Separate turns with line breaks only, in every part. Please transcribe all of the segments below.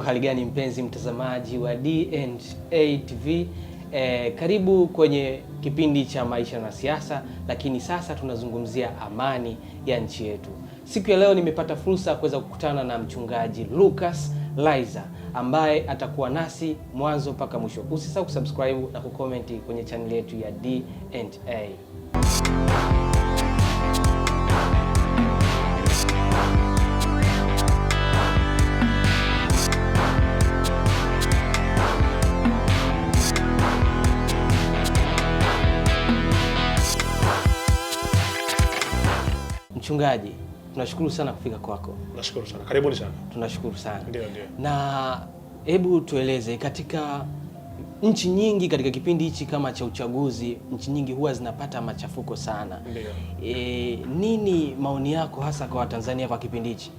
hali gani mpenzi mtazamaji wa D&A TV E, eh, karibu kwenye kipindi cha maisha na siasa, lakini sasa tunazungumzia amani ya nchi yetu. Siku ya leo nimepata fursa ya kuweza kukutana na mchungaji Lucas Laizer ambaye atakuwa nasi mwanzo mpaka mwisho. Usisahau kusubscribe na kukomenti kwenye chaneli yetu ya D&A. Mchungaji, tunashukuru sana kufika kwako.
Nashukuru sana. Karibuni sana.
Tunashukuru sana. Ndio, ndio. Na hebu tueleze katika nchi nyingi katika kipindi hichi kama cha uchaguzi, nchi nyingi huwa zinapata machafuko sana. Ndio. E, nini maoni yako hasa kwa Watanzania kwa kipindi hichi?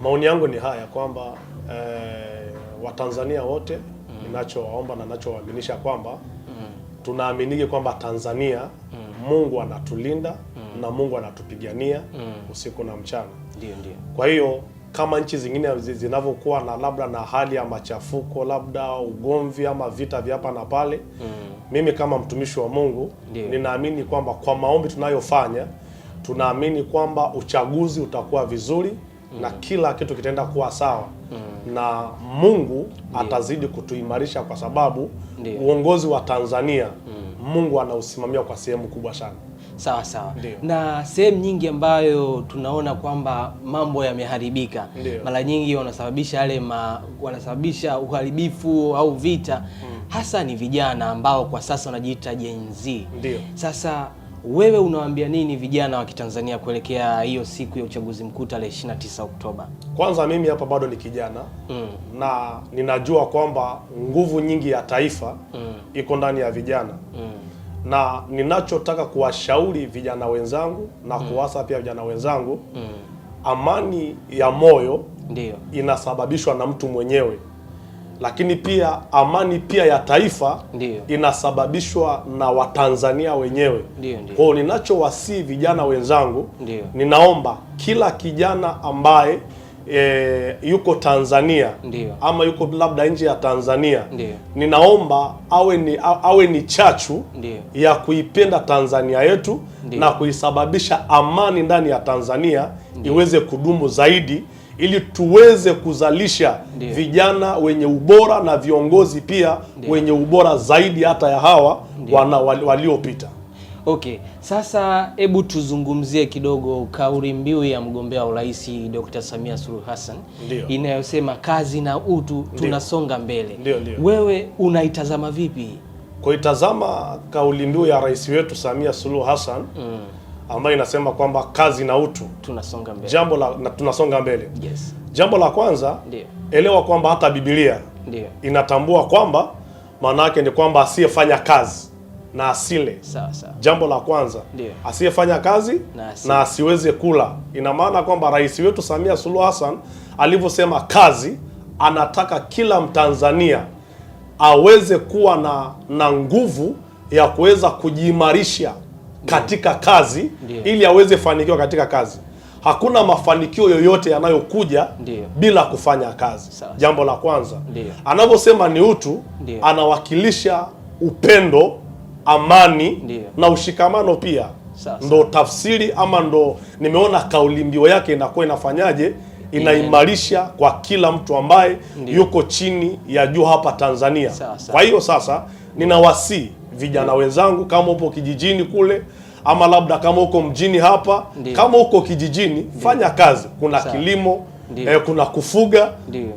Maoni yangu ni haya kwamba eh, Watanzania wote mm. ninachowaomba na ninachowaaminisha kwamba mm. tunaaminike kwamba Tanzania mm. Mungu anatulinda mm. na Mungu anatupigania mm. usiku na mchana. Ndio, ndio. Kwa hiyo kama nchi zingine zinavyokuwa na labda na hali ya machafuko labda ugomvi ama vita vya hapa na pale mm. mimi kama mtumishi wa Mungu ninaamini kwamba kwa maombi tunayofanya tunaamini kwamba uchaguzi utakuwa vizuri mm. na kila kitu kitaenda kuwa sawa mm. na Mungu Ndiyo. atazidi kutuimarisha kwa sababu Ndiyo. uongozi wa Tanzania mm. Mungu anausimamia kwa sehemu kubwa sana
sawa sawa. Ndiyo. Na sehemu nyingi ambayo tunaona kwamba mambo yameharibika mara nyingi wanasababisha yale ma, wanasababisha uharibifu au vita hmm. hasa ni vijana ambao kwa sasa wanajiita Gen Z. Sasa wewe unawaambia nini vijana wa Kitanzania kuelekea hiyo siku ya uchaguzi mkuu tarehe 29 Oktoba?
Kwanza mimi hapa bado ni kijana mm. na ninajua kwamba nguvu nyingi ya taifa mm. iko ndani ya vijana mm na ninachotaka kuwashauri vijana wenzangu na mm. kuwasa pia vijana wenzangu mm. amani ya moyo Ndiyo. inasababishwa na mtu mwenyewe, lakini pia amani pia ya taifa Ndiyo. inasababishwa na Watanzania wenyewe. Kwa hiyo ninachowasii vijana wenzangu Ndiyo. ninaomba kila kijana ambaye e, yuko Tanzania Ndiyo. ama yuko labda nje ya Tanzania Ndiyo. ninaomba awe ni, awe ni chachu Ndiyo. ya kuipenda Tanzania yetu Ndiyo. na kuisababisha amani ndani ya Tanzania Ndiyo. iweze kudumu zaidi ili tuweze kuzalisha Ndiyo. vijana wenye ubora na viongozi pia Ndiyo. wenye ubora zaidi hata ya hawa waliopita.
Okay, sasa hebu tuzungumzie kidogo kauli mbiu ya mgombea wa urais Dr. Samia Suluhu Hassan inayosema kazi na utu tunasonga mbele. Ndiyo, ndiyo. Wewe unaitazama vipi?
Kuitazama kauli mbiu ya rais wetu Samia Suluhu Hassan mm, ambayo inasema kwamba kazi na utu
tunasonga mbele.
Jambo la na, tunasonga mbele. Yes. Jambo la kwanza ndiyo, elewa kwamba hata Biblia ndiyo inatambua kwamba maana yake ni kwamba asiyefanya kazi na asile. Sawa sawa. Jambo la kwanza asiyefanya kazi na, na asiweze kula. Ina maana kwamba rais wetu Samia Suluhu Hassan alivyosema kazi, anataka kila Mtanzania aweze kuwa na na nguvu ya kuweza kujiimarisha katika kazi Ndiyo. ili aweze fanikiwa katika kazi. Hakuna mafanikio yoyote yanayokuja bila kufanya kazi Sawa. Jambo la kwanza anavyosema ni utu Ndiyo. anawakilisha upendo amani Ndiyo. na ushikamano pia sasa. Ndo tafsiri ama ndo nimeona kauli mbiu yake inakuwa inafanyaje, inaimarisha kwa kila mtu ambaye Ndiyo. yuko chini ya juu hapa Tanzania sasa. Kwa hiyo sasa ninawasii vijana wenzangu, kama upo kijijini kule ama labda kama uko mjini hapa Ndiyo. kama uko kijijini Ndiyo. fanya kazi, kuna sasa. kilimo eh, kuna kufuga,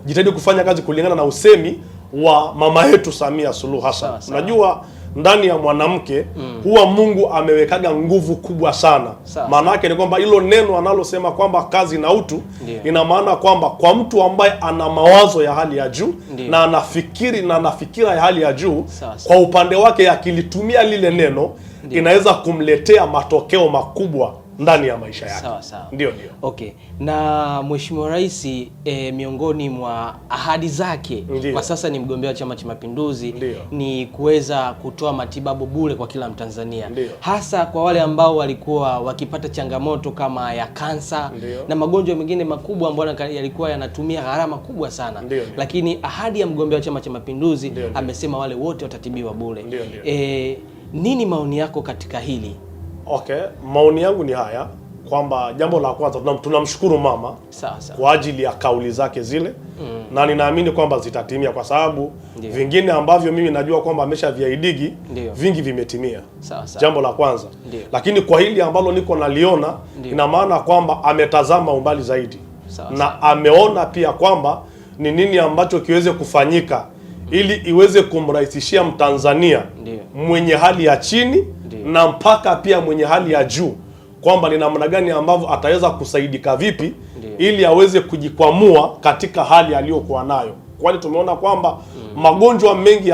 jitahidi kufanya kazi kulingana na usemi wa mama yetu Samia Suluhu Hassan. Unajua ndani ya mwanamke mm. huwa Mungu amewekaga nguvu kubwa sana. Maana yake ni kwamba hilo neno analosema kwamba kazi na utu yeah. ina maana kwamba kwa mtu ambaye ana mawazo ya hali ya juu Ndiyo. na anafikiri na anafikira ya hali ya juu Sasa. kwa upande wake akilitumia lile neno Ndiyo. inaweza kumletea matokeo makubwa ndani ya maisha yake. Sawa sawa.
Ndio ndio. Okay. Na Mheshimiwa Rais e, miongoni mwa ahadi zake kwa sasa ni mgombea wa Chama cha Mapinduzi ni kuweza kutoa matibabu bure kwa kila Mtanzania. Ndiyo. Hasa kwa wale ambao walikuwa wakipata changamoto kama ya kansa Ndiyo. na magonjwa mengine makubwa ambayo yalikuwa yanatumia gharama kubwa sana. Ndiyo, ndiyo. Lakini ahadi ya mgombea wa Chama cha Mapinduzi amesema wale wote watatibiwa bure. E, nini maoni yako katika hili?
Okay, maoni yangu ni haya kwamba jambo la kwanza tunamshukuru mama sasa, kwa ajili ya kauli zake zile mm. na ninaamini kwamba zitatimia kwa sababu vingine ambavyo mimi najua kwamba amesha viaidigi vingi vimetimia sasa. Jambo la kwanza Ndiyo. Lakini kwa hili ambalo niko naliona ina maana kwamba ametazama umbali zaidi sasa, na ameona pia kwamba ni nini ambacho kiweze kufanyika mm. ili iweze kumrahisishia Mtanzania Ndiyo. mwenye hali ya chini na mpaka pia mwenye hali ya juu kwamba ni namna gani ambavyo ataweza kusaidika vipi, ndiyo, ili aweze kujikwamua katika hali aliyokuwa nayo, kwani tumeona kwamba mm. Mm. magonjwa mengi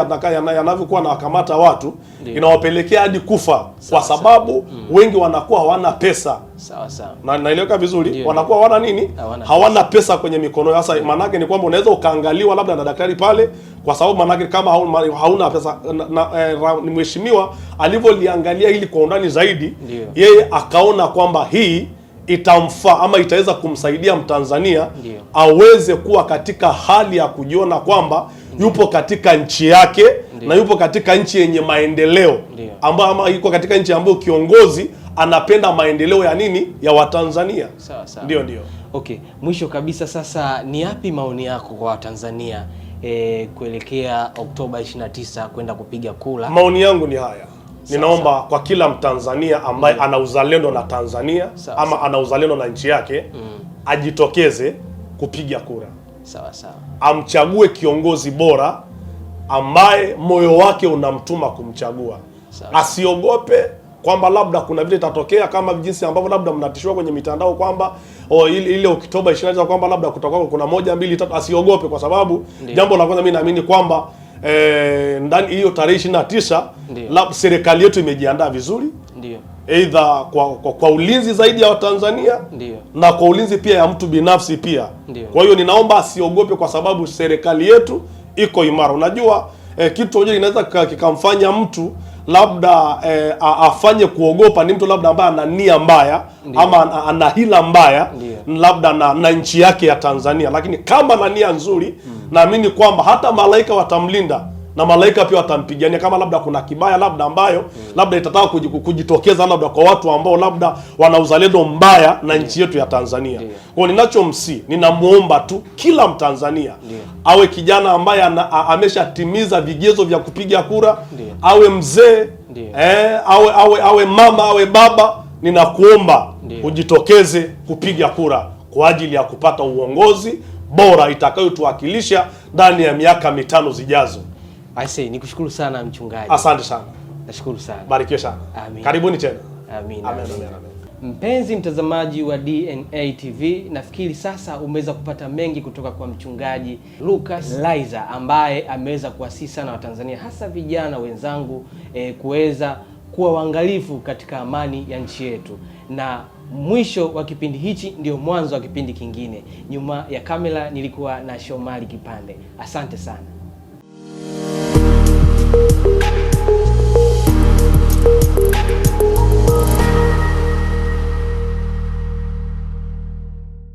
yanavyokuwa na wakamata watu inawapelekea hadi kufa sawa, kwa sababu mm. wengi wanakuwa hawana pesa sawa, sawa. Na naeleweka vizuri Ndiyo. wanakuwa hawana nini, hawana, hawana pesa kwenye mikono. Sasa maanake ni kwamba unaweza ukaangaliwa labda na daktari pale, kwa sababu maanake kama hauna pesa na, na, eh, mheshimiwa alivyoliangalia hili kwa undani zaidi Ndiyo. yeye akaona kwamba hii itamfaa ama itaweza kumsaidia Mtanzania aweze kuwa katika hali ya kujiona kwamba yupo katika nchi yake Ndiyo. na yupo katika nchi yenye maendeleo ambayo iko katika nchi ambayo kiongozi anapenda maendeleo ya nini ya Watanzania.
Ndio, ndio. Okay, mwisho kabisa sasa ni yapi maoni yako kwa Watanzania e, kuelekea Oktoba 29 kwenda kupiga kura?
Maoni yangu ni haya. Ninaomba kwa kila Mtanzania ambaye mm, ana uzalendo na Tanzania sao, ama ana uzalendo na nchi yake mm, ajitokeze kupiga kura sawa sawa, amchague kiongozi bora ambaye moyo wake unamtuma kumchagua sawa. Asiogope kwamba labda kuna vile itatokea kama jinsi ambavyo labda mnatishiwa kwenye mitandao kwamba oh, ile, ile Oktoba 29 kwamba labda kutakuwa kuna moja mbili tatu. Asiogope kwa sababu Ndiyo. Jambo la kwanza mimi naamini kwamba eh, ndani hiyo tarehe 29 serikali yetu imejiandaa vizuri Ndiyo aidha kwa, kwa, kwa ulinzi zaidi ya Watanzania na kwa ulinzi pia ya mtu binafsi pia. Ndiyo. Kwa hiyo ninaomba asiogope kwa sababu serikali yetu iko imara. Unajua eh, kitu chochote kinaweza kikamfanya mtu labda eh, afanye kuogopa ni mtu labda ambaye ana nia mbaya Ndiyo. ama ana hila mbaya Ndiyo. labda na, na nchi yake ya Tanzania, lakini kama ana nia nzuri hmm. naamini kwamba hata malaika watamlinda na malaika pia watampigania, kama labda kuna kibaya labda ambayo mm. labda itataka kujitokeza labda kwa watu ambao labda wana uzalendo mbaya na nchi yetu ya Tanzania yeah. Kwa ninachomsi ninamwomba tu kila Mtanzania yeah. awe kijana ambaye ameshatimiza vigezo vya kupiga kura yeah. awe mzee yeah. eh, awe, awe, awe mama awe baba, ninakuomba yeah. ujitokeze kupiga kura kwa ajili ya kupata uongozi bora itakayotuwakilisha ndani ya miaka mitano zijazo.
Aise, nikushukuru sana mchungaji. Asante sana. Nashukuru sana.
Barikiwe sana. Amin. Karibuni tena. Amin. Amin.
Amin. Amin. Mpenzi mtazamaji wa DNA TV, nafikiri sasa umeweza kupata mengi kutoka kwa mchungaji Lucas Laizer ambaye ameweza kuwasihi sana Watanzania hasa vijana wenzangu eh, kuweza kuwa waangalifu katika amani ya nchi yetu na mwisho wa kipindi hichi ndio mwanzo wa kipindi kingine. Nyuma ya kamera nilikuwa na Shomari Kipande. Asante sana. Thank you